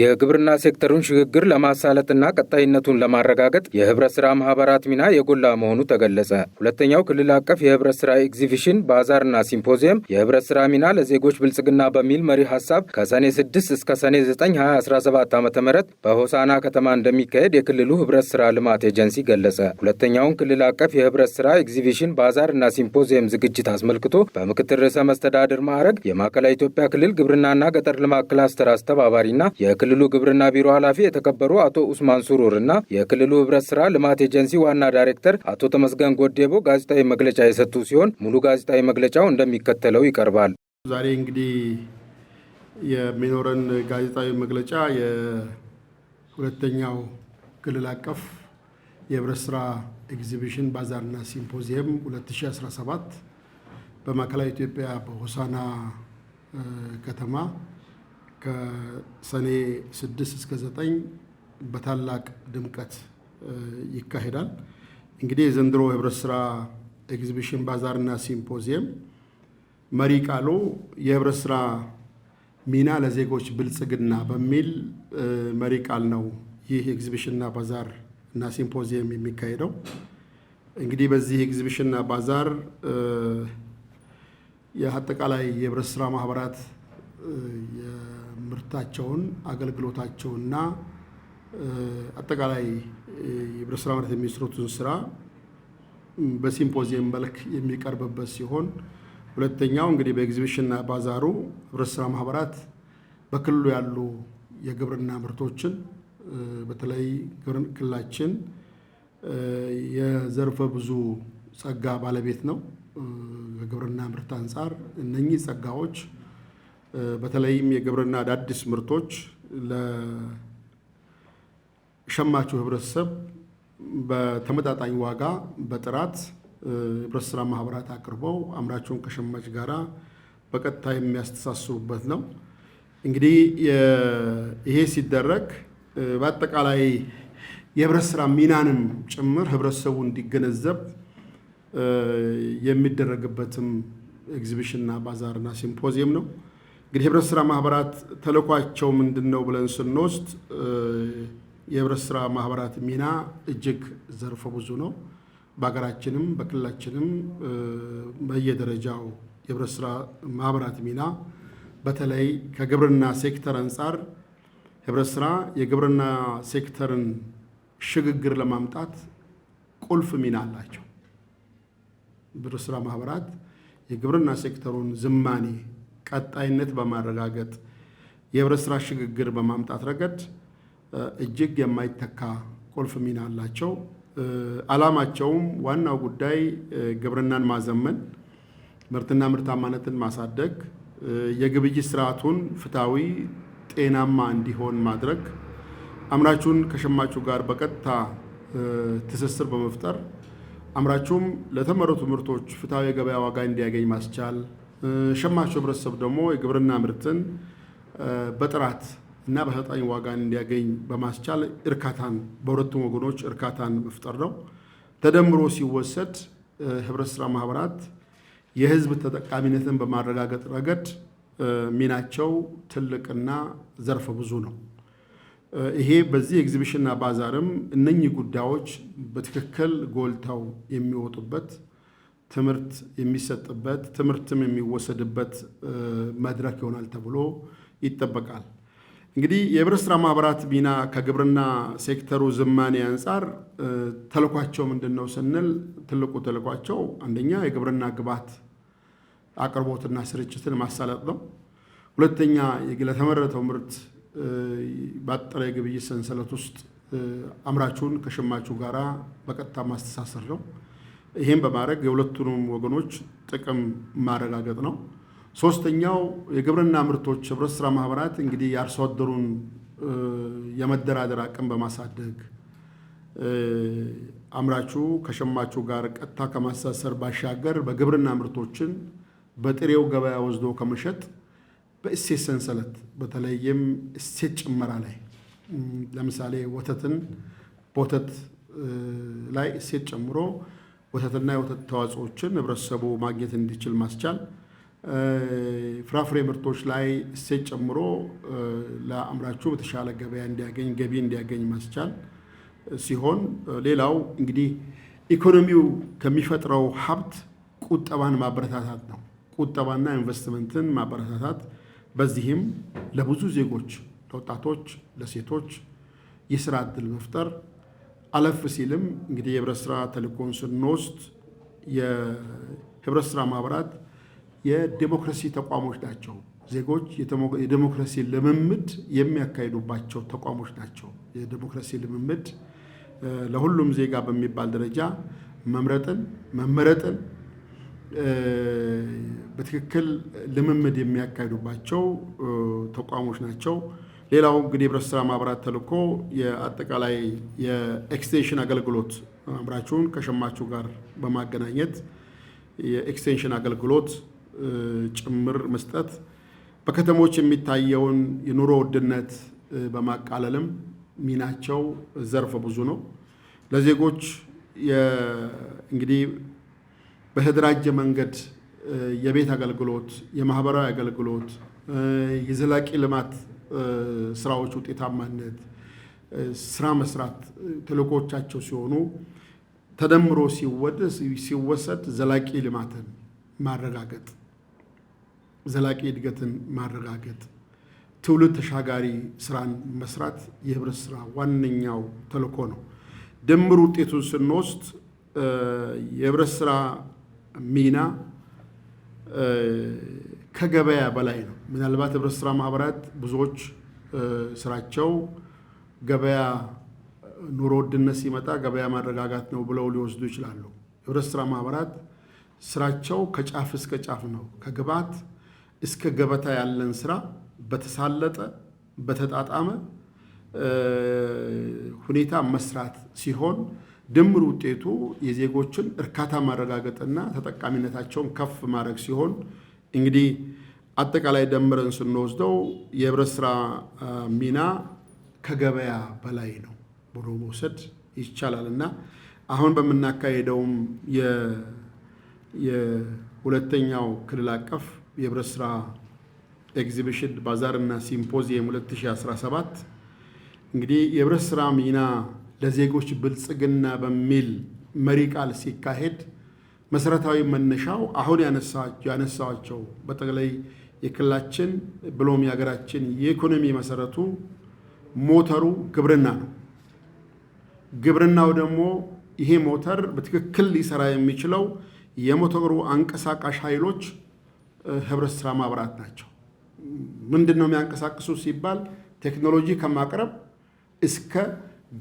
የግብርና ሴክተሩን ሽግግር ለማሳለጥና ቀጣይነቱን ለማረጋገጥ የህብረት ስራ ማህበራት ሚና የጎላ መሆኑ ተገለጸ። ሁለተኛው ክልል አቀፍ የህብረት ስራ ኤግዚቢሽን ባዛርና ሲምፖዚየም የህብረት ስራ ሚና ለዜጎች ብልጽግና በሚል መሪ ሀሳብ ከሰኔ 6 እስከ ሰኔ 9 2017 ዓ ም በሆሳና ከተማ እንደሚካሄድ የክልሉ ህብረት ስራ ልማት ኤጀንሲ ገለጸ። ሁለተኛውን ክልል አቀፍ የህብረት ስራ ኤግዚቢሽን ባዛርና ሲምፖዚየም ዝግጅት አስመልክቶ በምክትል ርዕሰ መስተዳድር ማዕረግ የማዕከላዊ ኢትዮጵያ ክልል ግብርናና ገጠር ልማት ክላስተር አስተባባሪና የክልል የክልሉ ግብርና ቢሮ ኃላፊ የተከበሩ አቶ ኡስማን ሱሩር እና የክልሉ ህብረት ስራ ልማት ኤጀንሲ ዋና ዳይሬክተር አቶ ተመስገን ጎዴቦ ጋዜጣዊ መግለጫ የሰጡ ሲሆን ሙሉ ጋዜጣዊ መግለጫው እንደሚከተለው ይቀርባል። ዛሬ እንግዲህ የሚኖረን ጋዜጣዊ መግለጫ የሁለተኛው ክልል አቀፍ የህብረት ስራ ኤግዚቢሽን ባዛርና ሲምፖዚየም 2017 በማዕከላዊ ኢትዮጵያ በሆሳና ከተማ ከሰኔ 6 እስከ 9 በታላቅ ድምቀት ይካሄዳል። እንግዲህ የዘንድሮ የህብረት ስራ ኤግዚቢሽን ባዛርና ሲምፖዚየም መሪ ቃሉ የህብረት ስራ ሚና ለዜጎች ብልጽግና በሚል መሪ ቃል ነው ይህ ኤግዚቢሽንና ባዛር እና ሲምፖዚየም የሚካሄደው። እንግዲህ በዚህ ኤግዚቢሽንና ባዛር የአጠቃላይ የህብረት ስራ ማህበራት ምርታቸውን አገልግሎታቸውና አጠቃላይ የህብረት ስራ ማለት የሚሰሩትን ስራ በሲምፖዚየም መልክ የሚቀርብበት ሲሆን ሁለተኛው እንግዲህ በኤግዚቢሽንና ባዛሩ ህብረት ስራ ማህበራት በክልሉ ያሉ የግብርና ምርቶችን በተለይ ክልላችን የዘርፈ ብዙ ጸጋ ባለቤት ነው። ከግብርና ምርት አንጻር እነኚህ ጸጋዎች በተለይም የግብርና አዳዲስ ምርቶች ለሸማቹ ህብረተሰብ በተመጣጣኝ ዋጋ በጥራት ህብረት ስራ ማህበራት አቅርበው አምራቸውን ከሸማች ጋር በቀጥታ የሚያስተሳስሩበት ነው። እንግዲህ ይሄ ሲደረግ በአጠቃላይ የህብረት ስራ ሚናንም ጭምር ህብረተሰቡ እንዲገነዘብ የሚደረግበትም ኤግዚቢሽንና ባዛርና ሲምፖዚየም ነው። እንግዲህ ህብረት ስራ ማህበራት ተልኳቸው ምንድን ነው ብለን ስንወስድ የህብረት ስራ ማህበራት ሚና እጅግ ዘርፈ ብዙ ነው። በሀገራችንም በክልላችንም በየደረጃው የህብረት ስራ ማህበራት ሚና በተለይ ከግብርና ሴክተር አንጻር ህብረት ስራ የግብርና ሴክተርን ሽግግር ለማምጣት ቁልፍ ሚና አላቸው። ህብረት ስራ ማህበራት የግብርና ሴክተሩን ዝማኔ ቀጣይነት በማረጋገጥ የህብረት ስራ ሽግግር በማምጣት ረገድ እጅግ የማይተካ ቁልፍ ሚና አላቸው። ዓላማቸውም ዋናው ጉዳይ ግብርናን ማዘመን፣ ምርትና ምርታማነትን ማሳደግ፣ የግብይት ስርዓቱን ፍትሐዊ፣ ጤናማ እንዲሆን ማድረግ፣ አምራቹን ከሸማቹ ጋር በቀጥታ ትስስር በመፍጠር አምራቹም ለተመረቱ ምርቶች ፍትሐዊ የገበያ ዋጋ እንዲያገኝ ማስቻል ሸማቹ ህብረተሰብ ደግሞ የግብርና ምርትን በጥራት እና በሰጣኝ ዋጋን እንዲያገኝ በማስቻል እርካታን በሁለቱም ወገኖች እርካታን መፍጠር ነው። ተደምሮ ሲወሰድ ህብረት ስራ ማህበራት የህዝብ ተጠቃሚነትን በማረጋገጥ ረገድ ሚናቸው ትልቅና ዘርፈ ብዙ ነው። ይሄ በዚህ ኤግዚቢሽንና ባዛርም እነኚህ ጉዳዮች በትክክል ጎልተው የሚወጡበት ትምህርት የሚሰጥበት ትምህርትም የሚወሰድበት መድረክ ይሆናል ተብሎ ይጠበቃል። እንግዲህ የህብረት ስራ ማህበራት ሚና ከግብርና ሴክተሩ ዝማኔ አንጻር ተልኳቸው ምንድን ነው ስንል ትልቁ ተልኳቸው አንደኛ የግብርና ግብዓት አቅርቦትና ስርጭትን ማሳለጥ ነው። ሁለተኛ ለተመረተው ምርት በአጠረ የግብይት ሰንሰለት ውስጥ አምራቹን ከሸማቹ ጋራ በቀጥታ ማስተሳሰር ነው። ይህም በማድረግ የሁለቱንም ወገኖች ጥቅም ማረጋገጥ ነው። ሶስተኛው የግብርና ምርቶች ህብረት ስራ ማህበራት እንግዲህ የአርሶ አደሩን የመደራደር አቅም በማሳደግ አምራቹ ከሸማቹ ጋር ቀጥታ ከማሳሰር ባሻገር በግብርና ምርቶችን በጥሬው ገበያ ወስዶ ከመሸጥ በእሴት ሰንሰለት በተለይም እሴት ጭመራ ላይ ለምሳሌ ወተትን በወተት ላይ እሴት ጨምሮ ወተትና የወተት ተዋጽኦችን ህብረተሰቡ ማግኘት እንዲችል ማስቻል፣ ፍራፍሬ ምርቶች ላይ እሴት ጨምሮ ለአምራቹ በተሻለ ገበያ እንዲያገኝ ገቢ እንዲያገኝ ማስቻል ሲሆን ሌላው እንግዲህ ኢኮኖሚው ከሚፈጥረው ሀብት ቁጠባን ማበረታታት ነው። ቁጠባና ኢንቨስትመንትን ማበረታታት በዚህም ለብዙ ዜጎች፣ ለወጣቶች፣ ለሴቶች የስራ እድል መፍጠር አለፍ ሲልም እንግዲህ የህብረት ስራ ተልእኮን ስንወስድ የህብረት ስራ ማህበራት የዴሞክራሲ ተቋሞች ናቸው። ዜጎች የዴሞክራሲ ልምምድ የሚያካሂዱባቸው ተቋሞች ናቸው። የዴሞክራሲ ልምምድ ለሁሉም ዜጋ በሚባል ደረጃ መምረጥን፣ መመረጥን በትክክል ልምምድ የሚያካሂዱባቸው ተቋሞች ናቸው። ሌላው እንግዲህ የህብረት ስራ ማህበራት ተልእኮ የአጠቃላይ የኤክስቴንሽን አገልግሎት አምራችሁን ከሸማችሁ ጋር በማገናኘት የኤክስቴንሽን አገልግሎት ጭምር መስጠት በከተሞች የሚታየውን የኑሮ ውድነት በማቃለልም ሚናቸው ዘርፈ ብዙ ነው። ለዜጎች እንግዲህ በተደራጀ መንገድ የቤት አገልግሎት፣ የማህበራዊ አገልግሎት፣ የዘላቂ ልማት ስራዎች ውጤታማነት ስራ መስራት ተልዕኮቻቸው ሲሆኑ ተደምሮ ሲወሰድ ዘላቂ ልማትን ማረጋገጥ ዘላቂ እድገትን ማረጋገጥ ትውልድ ተሻጋሪ ስራን መስራት የህብረት ስራ ዋነኛው ተልኮ ነው። ድምር ውጤቱን ስንወስድ የህብረት ስራ ሚና ከገበያ በላይ ነው። ምናልባት ህብረት ስራ ማህበራት ብዙዎች ስራቸው ገበያ ኑሮ ውድነት ሲመጣ ገበያ ማረጋጋት ነው ብለው ሊወስዱ ይችላሉ። ህብረት ስራ ማህበራት ስራቸው ከጫፍ እስከ ጫፍ ነው። ከግብዓት እስከ ገበታ ያለን ስራ በተሳለጠ በተጣጣመ ሁኔታ መስራት ሲሆን ድምር ውጤቱ የዜጎችን እርካታ ማረጋገጥና ተጠቃሚነታቸውን ከፍ ማድረግ ሲሆን እንግዲህ አጠቃላይ ደምረን ስንወስደው የህብረት ስራ ሚና ከገበያ በላይ ነው ብሎ መውሰድ ይቻላል እና አሁን በምናካሄደውም የሁለተኛው ክልል አቀፍ የህብረት ስራ ኤግዚቢሽን ባዛርና ሲምፖዚየም 2017 እንግዲህ የህብረት ስራ ሚና ለዜጎች ብልጽግና በሚል መሪ ቃል ሲካሄድ መሰረታዊ መነሻው አሁን ያነሳቸው በጠቅላይ የክልላችን ብሎም የሀገራችን የኢኮኖሚ መሰረቱ ሞተሩ ግብርና ነው። ግብርናው ደግሞ ይሄ ሞተር በትክክል ሊሰራ የሚችለው የሞተሩ አንቀሳቃሽ ኃይሎች ህብረት ስራ ማህበራት ናቸው። ምንድን ነው የሚያንቀሳቅሱ ሲባል ቴክኖሎጂ ከማቅረብ እስከ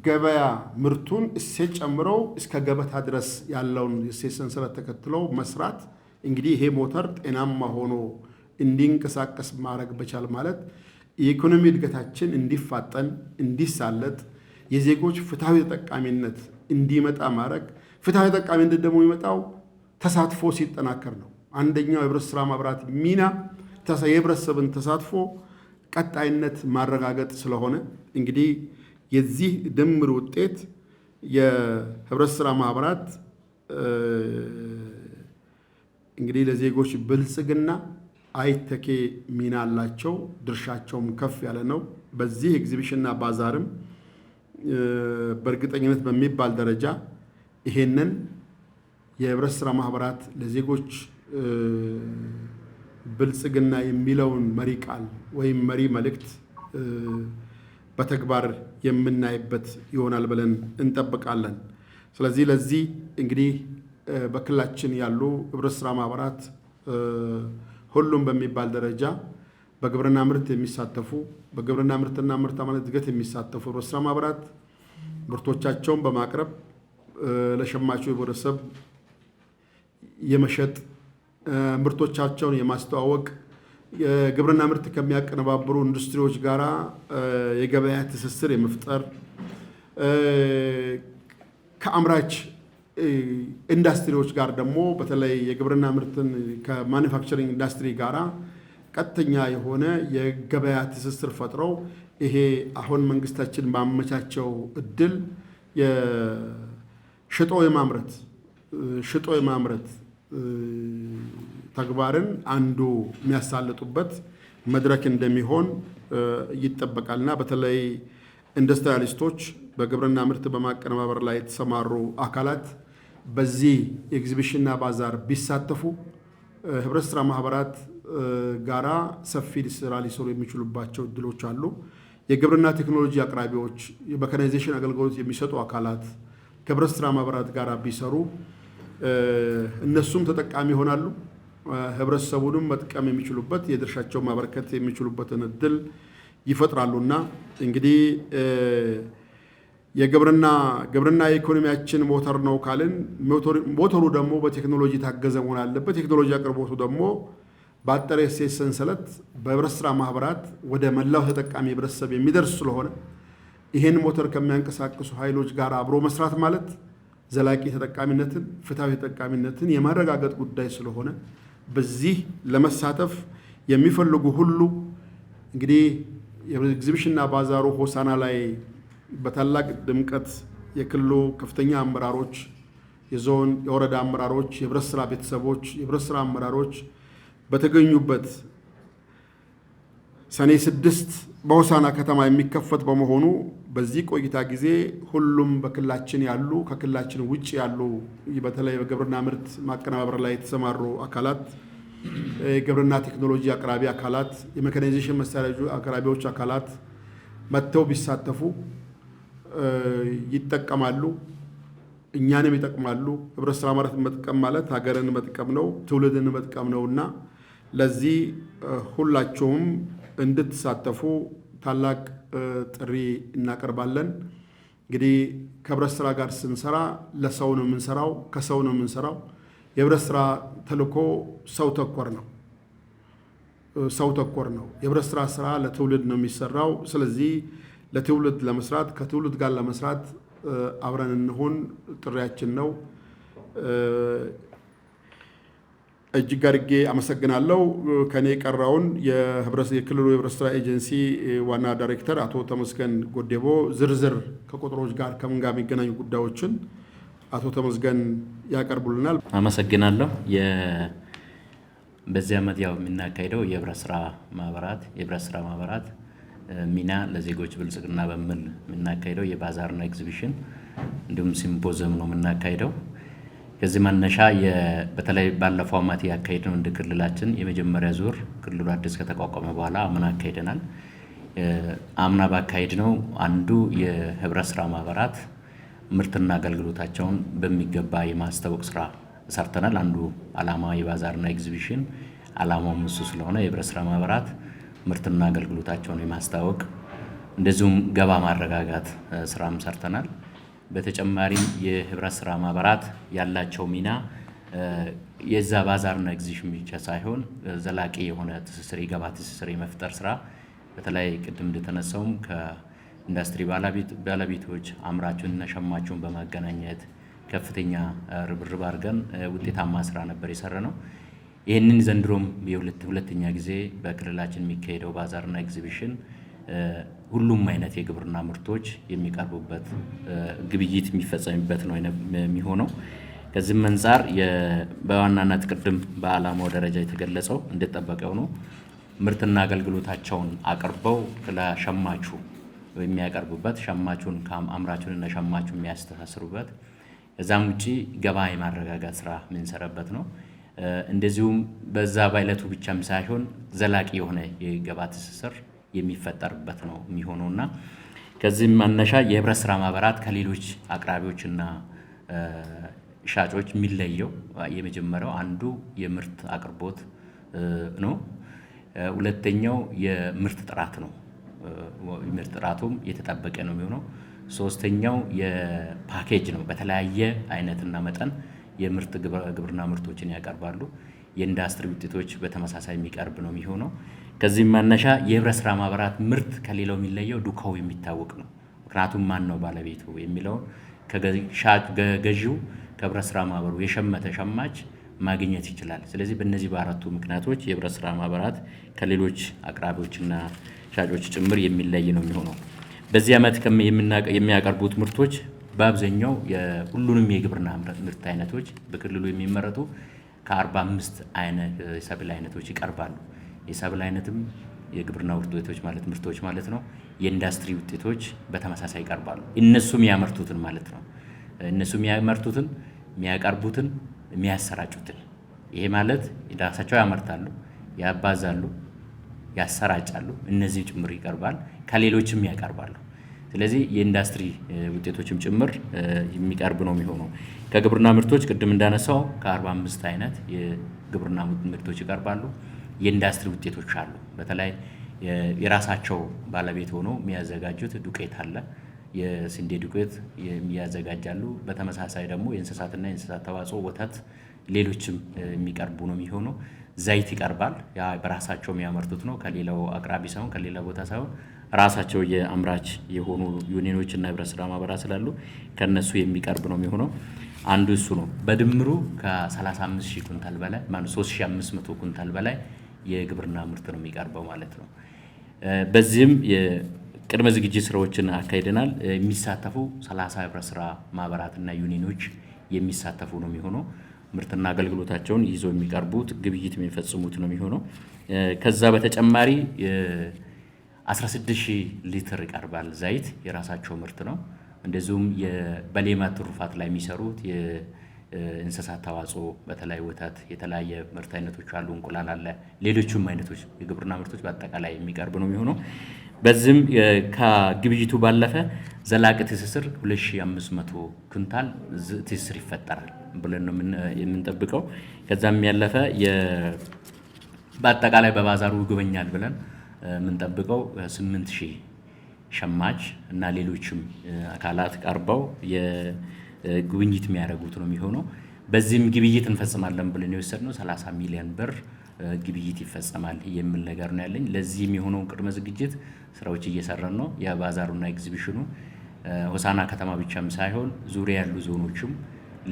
ገበያ ምርቱን እሴት ጨምሮ እስከ ገበታ ድረስ ያለውን እሴት ሰንሰለት ተከትለው መስራት እንግዲህ ይሄ ሞተር ጤናማ ሆኖ እንዲንቀሳቀስ ማድረግ በቻል ማለት የኢኮኖሚ እድገታችን እንዲፋጠን፣ እንዲሳለጥ፣ የዜጎች ፍትሐዊ ተጠቃሚነት እንዲመጣ ማድረግ። ፍትሐዊ ተጠቃሚነት ደግሞ የሚመጣው ተሳትፎ ሲጠናከር ነው። አንደኛው የህብረት ስራ ማብራት ሚና የህብረተሰብን ተሳትፎ ቀጣይነት ማረጋገጥ ስለሆነ እንግዲህ የዚህ ድምር ውጤት የህብረት ስራ ማህበራት እንግዲህ ለዜጎች ብልጽግና አይተኬ ሚና አላቸው። ድርሻቸውም ከፍ ያለ ነው። በዚህ ኤግዚቢሽንና ባዛርም በእርግጠኝነት በሚባል ደረጃ ይሄንን የህብረት ስራ ማህበራት ለዜጎች ብልጽግና የሚለውን መሪ ቃል ወይም መሪ መልእክት በተግባር የምናይበት ይሆናል ብለን እንጠብቃለን። ስለዚህ ለዚህ እንግዲህ በክልላችን ያሉ ህብረት ስራ ማህበራት ሁሉም በሚባል ደረጃ በግብርና ምርት የሚሳተፉ በግብርና ምርትና ምርታማነት እድገት የሚሳተፉ ህብረት ስራ ማህበራት ምርቶቻቸውን በማቅረብ ለሸማቹ ህብረተሰብ የመሸጥ ምርቶቻቸውን የማስተዋወቅ የግብርና ምርት ከሚያቀነባብሩ ኢንዱስትሪዎች ጋራ የገበያ ትስስር የመፍጠር ከአምራች ኢንዱስትሪዎች ጋር ደግሞ በተለይ የግብርና ምርትን ከማኒፋክቸሪንግ ኢንዱስትሪ ጋራ ቀጥተኛ የሆነ የገበያ ትስስር ፈጥረው ይሄ አሁን መንግስታችን ባመቻቸው እድል ሽጦ የማምረት ሽጦ የማምረት ተግባርን አንዱ የሚያሳልጡበት መድረክ እንደሚሆን ይጠበቃልና በተለይ ኢንዱስትሪያሊስቶች፣ በግብርና ምርት በማቀነባበር ላይ የተሰማሩ አካላት በዚህ ኤግዚቢሽንና ባዛር ቢሳተፉ ህብረት ስራ ማህበራት ጋራ ሰፊ ስራ ሊሰሩ የሚችሉባቸው እድሎች አሉ። የግብርና ቴክኖሎጂ አቅራቢዎች፣ የመካናይዜሽን አገልግሎት የሚሰጡ አካላት ከህብረት ስራ ማህበራት ጋር ቢሰሩ እነሱም ተጠቃሚ ይሆናሉ። ህብረተሰቡንም መጥቀም የሚችሉበት የድርሻቸው ማበረከት የሚችሉበትን እድል ይፈጥራሉና እንግዲህ የግብርና ግብርና የኢኮኖሚያችን ሞተር ነው ካልን ሞተሩ ደግሞ በቴክኖሎጂ ታገዘ መሆን አለበት። ቴክኖሎጂ አቅርቦቱ ደግሞ በአጠር የእሴት ሰንሰለት በህብረት ስራ ማህበራት ወደ መላው ተጠቃሚ ህብረተሰብ የሚደርስ ስለሆነ ይህን ሞተር ከሚያንቀሳቅሱ ኃይሎች ጋር አብሮ መስራት ማለት ዘላቂ ተጠቃሚነትን፣ ፍትሐዊ ተጠቃሚነትን የማረጋገጥ ጉዳይ ስለሆነ በዚህ ለመሳተፍ የሚፈልጉ ሁሉ እንግዲህ የኤግዚቢሽንና ባዛሩ ሆሳና ላይ በታላቅ ድምቀት የክልሉ ከፍተኛ አመራሮች፣ የዞን የወረዳ አመራሮች፣ የህብረት ስራ ቤተሰቦች፣ የህብረት ስራ አመራሮች በተገኙበት ሰኔ ስድስት በሆሳና ከተማ የሚከፈት በመሆኑ በዚህ ቆይታ ጊዜ ሁሉም በክልላችን ያሉ ከክልላችን ውጭ ያሉ በተለይ በግብርና ምርት ማቀነባበር ላይ የተሰማሩ አካላት፣ የግብርና ቴክኖሎጂ አቅራቢ አካላት፣ የሜካናይዜሽን መሳሪያ አቅራቢዎች አካላት መጥተው ቢሳተፉ ይጠቀማሉ፣ እኛንም ይጠቅማሉ። ህብረተሰብ አማራት መጥቀም ማለት ሀገርን መጥቀም ነው፣ ትውልድን መጥቀም ነው እና ለዚህ ሁላችሁም እንድትሳተፉ ታላቅ ጥሪ እናቀርባለን። እንግዲህ ከህብረት ስራ ጋር ስንሰራ ለሰው ነው የምንሰራው፣ ከሰው ነው የምንሰራው። የህብረት ስራ ተልእኮ ሰው ተኮር ነው ሰው ተኮር ነው። የህብረት ስራ ስራ ለትውልድ ነው የሚሰራው። ስለዚህ ለትውልድ ለመስራት ከትውልድ ጋር ለመስራት አብረን እንሆን ጥሪያችን ነው። እጅግ አድርጌ አመሰግናለሁ። ከኔ የቀረውን የክልሉ የህብረት ስራ ኤጀንሲ ዋና ዳይሬክተር አቶ ተመስገን ጎዴቦ ዝርዝር ከቁጥሮች ጋር ከምን ጋር የሚገናኙ ጉዳዮችን አቶ ተመስገን ያቀርቡልናል። አመሰግናለሁ። በዚህ ዓመት ያው የምናካሄደው የህብረት ስራ ማህበራት የህብረት ስራ ማህበራት ሚና ለዜጎች ብልጽግና በሚል የምናካሄደው የባዛርና ኤግዚቢሽን እንዲሁም ሲምፖዘም ነው የምናካሄደው ከዚህ መነሻ በተለይ ባለፈው ዓመት ያካሄድነው እንደ ክልላችን የመጀመሪያ ዙር ክልሉ አዲስ ከተቋቋመ በኋላ አምና አካሄደናል። አምና ባካሄድነው አንዱ የህብረት ስራ ማህበራት ምርትና አገልግሎታቸውን በሚገባ የማስታወቅ ስራ ሰርተናል። አንዱ ዓላማ የባዛርና ኤግዚቢሽን አላማው ምሱ ስለሆነ የህብረት ስራ ማህበራት ምርትና አገልግሎታቸውን የማስታወቅ እንደዚሁም ገባ ማረጋጋት ስራም ሰርተናል። በተጨማሪም የህብረት ስራ ማህበራት ያላቸው ሚና የዛ ባዛርና ኤግዚቢሽን ብቻ ሳይሆን ዘላቂ የሆነ ትስስር የገባ ትስስር የመፍጠር ስራ በተለይ ቅድም እንደተነሳውም ከኢንዱስትሪ ባለቤቶች አምራቹንና ሸማቹን በማገናኘት ከፍተኛ ርብርብ አድርገን ውጤታማ ስራ ነበር የሰራ ነው። ይህንን ዘንድሮም የሁለተኛ ጊዜ በክልላችን የሚካሄደው ባዛርና ኤግዚቢሽን ሁሉም አይነት የግብርና ምርቶች የሚቀርቡበት ግብይት የሚፈጸምበት ነው የሚሆነው። ከዚህም አንጻር በዋናነት ቅድም በዓላማው ደረጃ የተገለጸው እንደተጠበቀው ነው። ምርትና አገልግሎታቸውን አቅርበው ለሸማቹ የሚያቀርቡበት ሸማቹን አምራቹንና ሸማቹ የሚያስተሳስሩበት እዛም ውጪ ገባ የማረጋጋት ስራ የምንሰራበት ነው። እንደዚሁም በዛ ባይለቱ ብቻም ሳይሆን ዘላቂ የሆነ የገባ ትስስር የሚፈጠርበት ነው የሚሆነው እና ከዚህም መነሻ የህብረት ስራ ማህበራት ከሌሎች አቅራቢዎችና ሻጮች የሚለየው የመጀመሪያው አንዱ የምርት አቅርቦት ነው። ሁለተኛው የምርት ጥራት ነው። ምርት ጥራቱም የተጠበቀ ነው የሚሆነው። ሶስተኛው የፓኬጅ ነው። በተለያየ አይነትና መጠን የምርት ግብርና ምርቶችን ያቀርባሉ። የኢንዱስትሪ ውጤቶች በተመሳሳይ የሚቀርብ ነው የሚሆነው። ከዚህም መነሻ የህብረት ስራ ማህበራት ምርት ከሌላው የሚለየው ዱካው የሚታወቅ ነው። ምክንያቱም ማን ነው ባለቤቱ የሚለውን ገዢው ከህብረት ስራ ማህበሩ የሸመተ ሸማች ማግኘት ይችላል። ስለዚህ በእነዚህ በአራቱ ምክንያቶች የህብረት ስራ ማህበራት ከሌሎች አቅራቢዎችና ሻጮች ጭምር የሚለይ ነው የሚሆነው። በዚህ ዓመት የሚያቀርቡት ምርቶች በአብዛኛው ሁሉንም የግብርና ምርት አይነቶች በክልሉ የሚመረቱ ከ አምስት አይነት የሰብል አይነቶች ይቀርባሉ። የሰብል አይነትም የግብርና ውጤቶች ማለት ምርቶች ማለት ነው። የኢንዱስትሪ ውጤቶች በተመሳሳይ ይቀርባሉ። እነሱ የሚያመርቱትን ማለት ነው። እነሱ የሚያመርቱትን፣ የሚያቀርቡትን፣ የሚያሰራጩትን ይሄ ማለት ራሳቸው ያመርታሉ፣ ያባዛሉ፣ ያሰራጫሉ። እነዚህ ጭምር ይቀርባል። ከሌሎችም ያቀርባሉ። ስለዚህ የኢንዱስትሪ ውጤቶችም ጭምር የሚቀርብ ነው የሚሆነው። ከግብርና ምርቶች ቅድም እንዳነሳው ከ45 አይነት የግብርና ምርቶች ይቀርባሉ። የኢንዱስትሪ ውጤቶች አሉ። በተለይ የራሳቸው ባለቤት ሆኖ የሚያዘጋጁት ዱቄት አለ። የስንዴ ዱቄት የሚያዘጋጃሉ። በተመሳሳይ ደግሞ የእንስሳትና የእንስሳት ተዋጽኦ፣ ወተት፣ ሌሎችም የሚቀርቡ ነው የሚሆነው። ዘይት ይቀርባል። ያ በራሳቸው የሚያመርቱት ነው። ከሌላው አቅራቢ ሳይሆን ከሌላ ቦታ ሳይሆን ራሳቸው የአምራች የሆኑ ዩኒኖች እና ህብረት ስራ ማህበራት ስላሉ ከነሱ የሚቀርብ ነው የሚሆነው። አንዱ እሱ ነው። በድምሩ ከ35 ኩንታል በላይ 3500 ኩንታል በላይ የግብርና ምርት ነው የሚቀርበው ማለት ነው። በዚህም የቅድመ ዝግጅት ስራዎችን አካሂደናል። የሚሳተፉ ሰላሳ ህብረት ስራ ማህበራትና ዩኒኖች የሚሳተፉ ነው የሚሆነው። ምርትና አገልግሎታቸውን ይዘው የሚቀርቡት ግብይት የሚፈጽሙት ነው የሚሆነው። ከዛ በተጨማሪ 16 ሊትር ይቀርባል። ዘይት የራሳቸው ምርት ነው። እንደዚሁም በሌማት ትሩፋት ላይ የሚሰሩት እንስሳት ተዋጽኦ በተለይ ወተት፣ የተለያየ ምርት አይነቶች አሉ። እንቁላል አለ። ሌሎችም አይነቶች የግብርና ምርቶች በአጠቃላይ የሚቀርብ ነው የሚሆነው። በዚህም ከግብይቱ ባለፈ ዘላቂ ትስስር 2500 ኩንታል ትስስር ይፈጠራል ብለን ነው የምንጠብቀው። ከዛም ያለፈ በአጠቃላይ በባዛሩ ይጎበኛል ብለን የምንጠብቀው 8000 ሸማች እና ሌሎችም አካላት ቀርበው ጉብኝት የሚያደርጉት ነው የሚሆነው። በዚህም ግብይት እንፈጽማለን ብለን የወሰድነው 30 ሚሊዮን ብር ግብይት ይፈጸማል የሚል ነገር ነው ያለኝ። ለዚህ የሚሆነውን ቅድመ ዝግጅት ስራዎች እየሰራን ነው። የባዛሩና ኤግዚቢሽኑ ሆሳና ከተማ ብቻም ሳይሆን ዙሪያ ያሉ ዞኖችም፣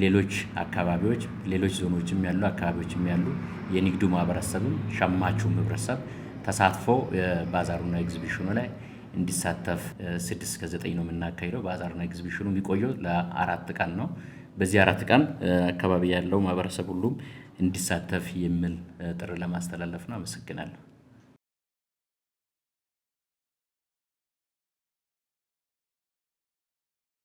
ሌሎች አካባቢዎች፣ ሌሎች ዞኖችም ያሉ አካባቢዎችም ያሉ የንግዱ ማህበረሰብም ሸማቹም ህብረተሰብ ተሳትፎ ባዛሩና ኤግዚቢሽኑ ላይ እንዲሳተፍ ስድስት ከዘጠኝ ነው የምናካሄደው። በአዛርና ኤግዚቢሽኑ የሚቆየው ለአራት ቀን ነው። በዚህ አራት ቀን አካባቢ ያለው ማህበረሰብ ሁሉም እንዲሳተፍ የሚል ጥሪ ለማስተላለፍ ነው። አመሰግናለሁ።